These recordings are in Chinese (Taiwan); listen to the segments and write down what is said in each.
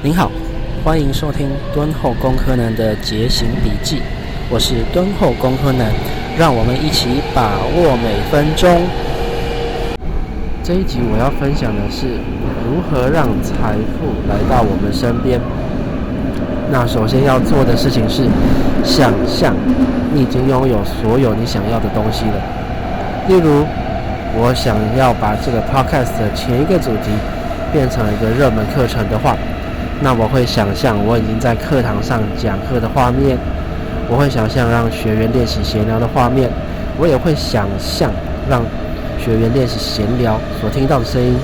您好，歡迎收聽敦厚工科男的節行筆記，我是敦厚工科男，讓我們一起把握每分鐘。這一集我要分享的是如何讓財富來到我們身邊。那首先要做的事情是，想象你已經擁有所有你想要的東西了。例如，我想要把這個 podcast 的前一個主題變成一個熱門課程的話。那我會想象我已經在課堂上講課的畫面，我會想象讓學員練習閒聊的畫面，我也會想象讓學員練習閒聊所聽到的聲音。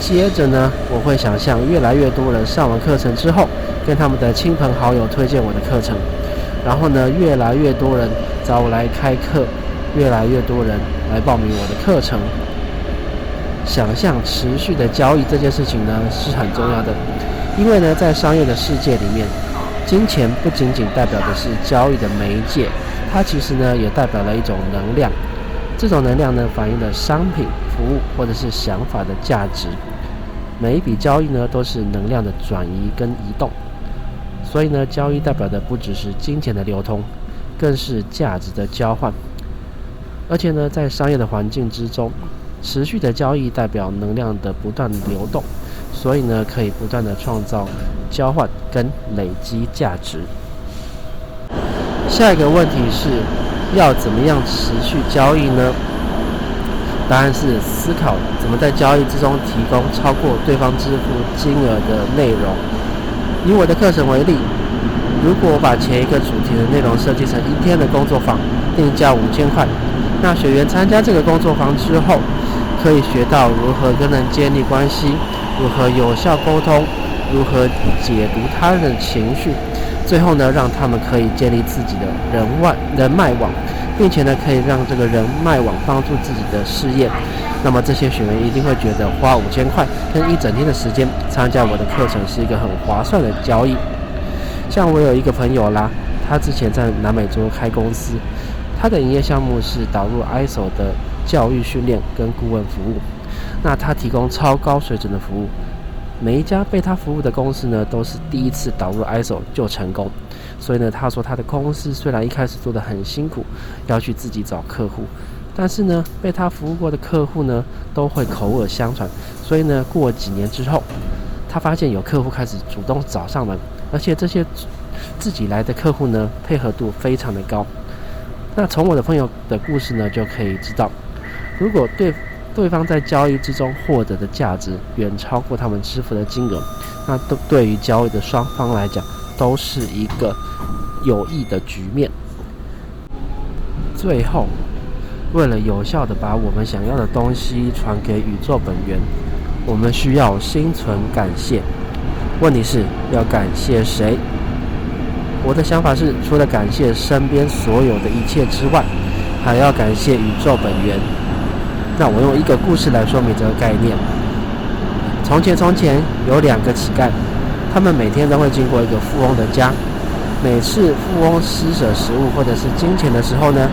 接着呢，我會想象越來越多人上完課程之後，跟他們的親朋好友推薦我的課程，然後呢，越來越多人找我來開課，越來越多人來報名我的課程。想象持續的交易這件事情呢，是很重要的，因為呢，在商業的世界裡面，金錢不僅僅代表的是交易的媒介，它其實呢也代表了一種能量。這種能量呢，反映了商品、服務或者是想法的價值。每一筆交易呢，都是能量的轉移跟移動，所以呢，交易代表的不只是金錢的流通，更是價值的交換。而且呢，在商業的環境之中。持續的交易，代表能量的不斷流動，所以呢，可以不斷的創造交換跟累積價值。下一個問題是，要怎麼樣持續交易呢？答案是思考怎麼在交易之中提供超過對方支付金額的內容。以我的課程為例，如果我把前一個主題的內容設計成一天的工作坊，定價五千塊，那學員參加這個工作坊之後，可以學到如何跟人建立關係，如何有效溝通，如何解讀他人的情緒，最後呢，讓他們可以建立自己的人脈人脈網，並且呢，可以讓這個人脈網幫助自己的事業。那麼這些學員一定會覺得花五千塊跟一整天的時間參加我的課程是一個很划算的交易。像我有一個朋友啦，他之前在南美洲開公司，他的營業項目是導入 ISO 的。教育訓練跟顧問服務，那他提供超高水準的服務。每一家被他服務的公司呢，都是第一次導入 ISO 就成功。所以呢，他說他的公司雖然一開始做得很辛苦，要去自己找客戶，但是呢，被他服務過的客戶呢，都會口耳相傳。所以呢，過幾年之後，他發現有客戶開始主動找上門，而且這些自己來的客戶呢，配合度非常的高。那從我的朋友的故事呢，就可以知道。如果對對方在交易之中獲得的價值遠超過他們支付的金額，那對於交易的雙方來講都是一個有益的局面。最後，為了有效地把我們想要的東西傳給宇宙本源，我們需要心存感謝。問題是要感謝誰？我的想法是，除了感謝身邊所有的一切之外，還要感謝宇宙本源。那我用一個故事來說明這個概念。從前，從前有兩個乞丐，他們每天都會經過一個富翁的家。每次富翁施捨食物或者是金錢的時候呢，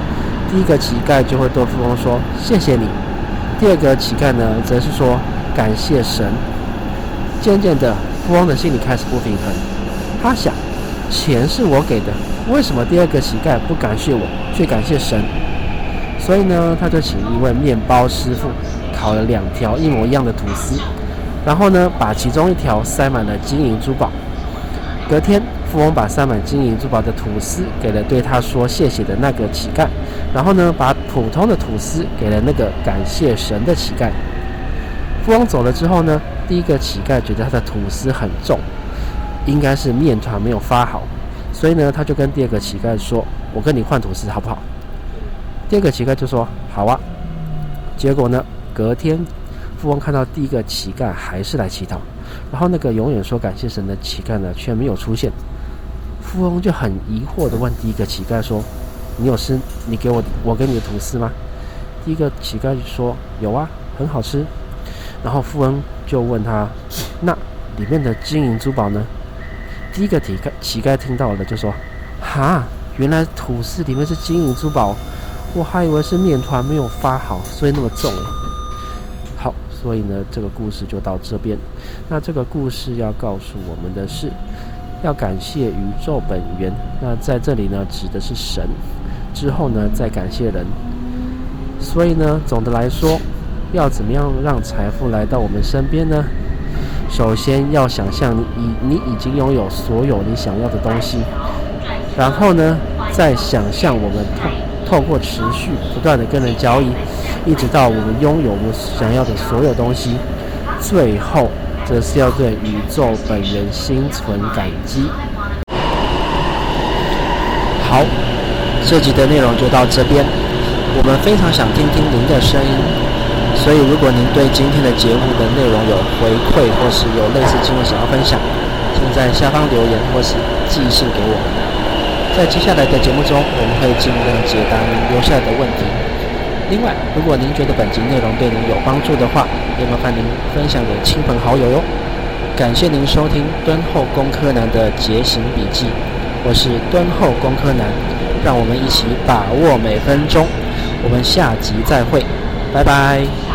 第一個乞丐就會對富翁說：“謝謝你。”第二個乞丐呢，則是說：“感謝神。”漸漸的，富翁的心裡開始不平衡。他想，錢是我給的，為什麼第二個乞丐不感謝我，卻感謝神？所以呢，他就請一位麵包師傅烤了兩條一模一樣的吐司，然後呢，把其中一條塞滿了金銀珠寶。隔天，富翁把塞滿金銀珠寶的吐司給了對他說謝謝的那個乞丐，然後呢，把普通的吐司給了那個感謝神的乞丐。富翁走了之後呢，第一個乞丐覺得他的吐司很重，應該是麵糰沒有發好，所以呢，他就跟第二個乞丐說：“我跟你換吐司好不好？”第二個乞丐就說：“好啊。”結果呢，隔天，富翁看到第一個乞丐還是來乞討，然後那個永遠說感謝神的乞丐呢卻沒有出現。富翁就很疑惑地問第一個乞丐說：“你有吃你給我我給你的吐司嗎？”第一個乞丐就說：“有啊，很好吃。”然後富翁就問他：“那裡面的金銀珠寶呢？”第一個乞丐乞丐聽到了就說：“哈，原來吐司裡面是金銀珠寶。”我還以為是麵團沒有發好，所以那麼重啊。好，所以呢，這個故事就到這邊。那這個故事要告訴我們的是，要感謝宇宙本源。那在這裡呢，指的是神。之後呢，再感謝人。所以呢，總的來說，要怎麼樣讓財富來到我們身邊呢？首先要想象你你已經擁有所有你想要的東西，然後呢，再想象我們。透過持續不斷的跟人交易，一直到我們擁有我想要的所有東西，最後，則是要對宇宙本人心存感激。好，這集的內容就到這邊。我們非常想聽聽您的聲音，所以如果您對今天的節目的內容有回饋，或是有類似情況，想要分享，請在下方留言或是寄信給我們。在接下來的節目中，我們會盡量解答您留下的問題。另外，如果您覺得本集內容對您有幫助的話，也麻煩您分享給親朋好友喲。感謝您收聽《敦厚工科男的節行筆記》，我是敦厚工科男，讓我們一起把握每分鐘。我們下集再會，拜拜。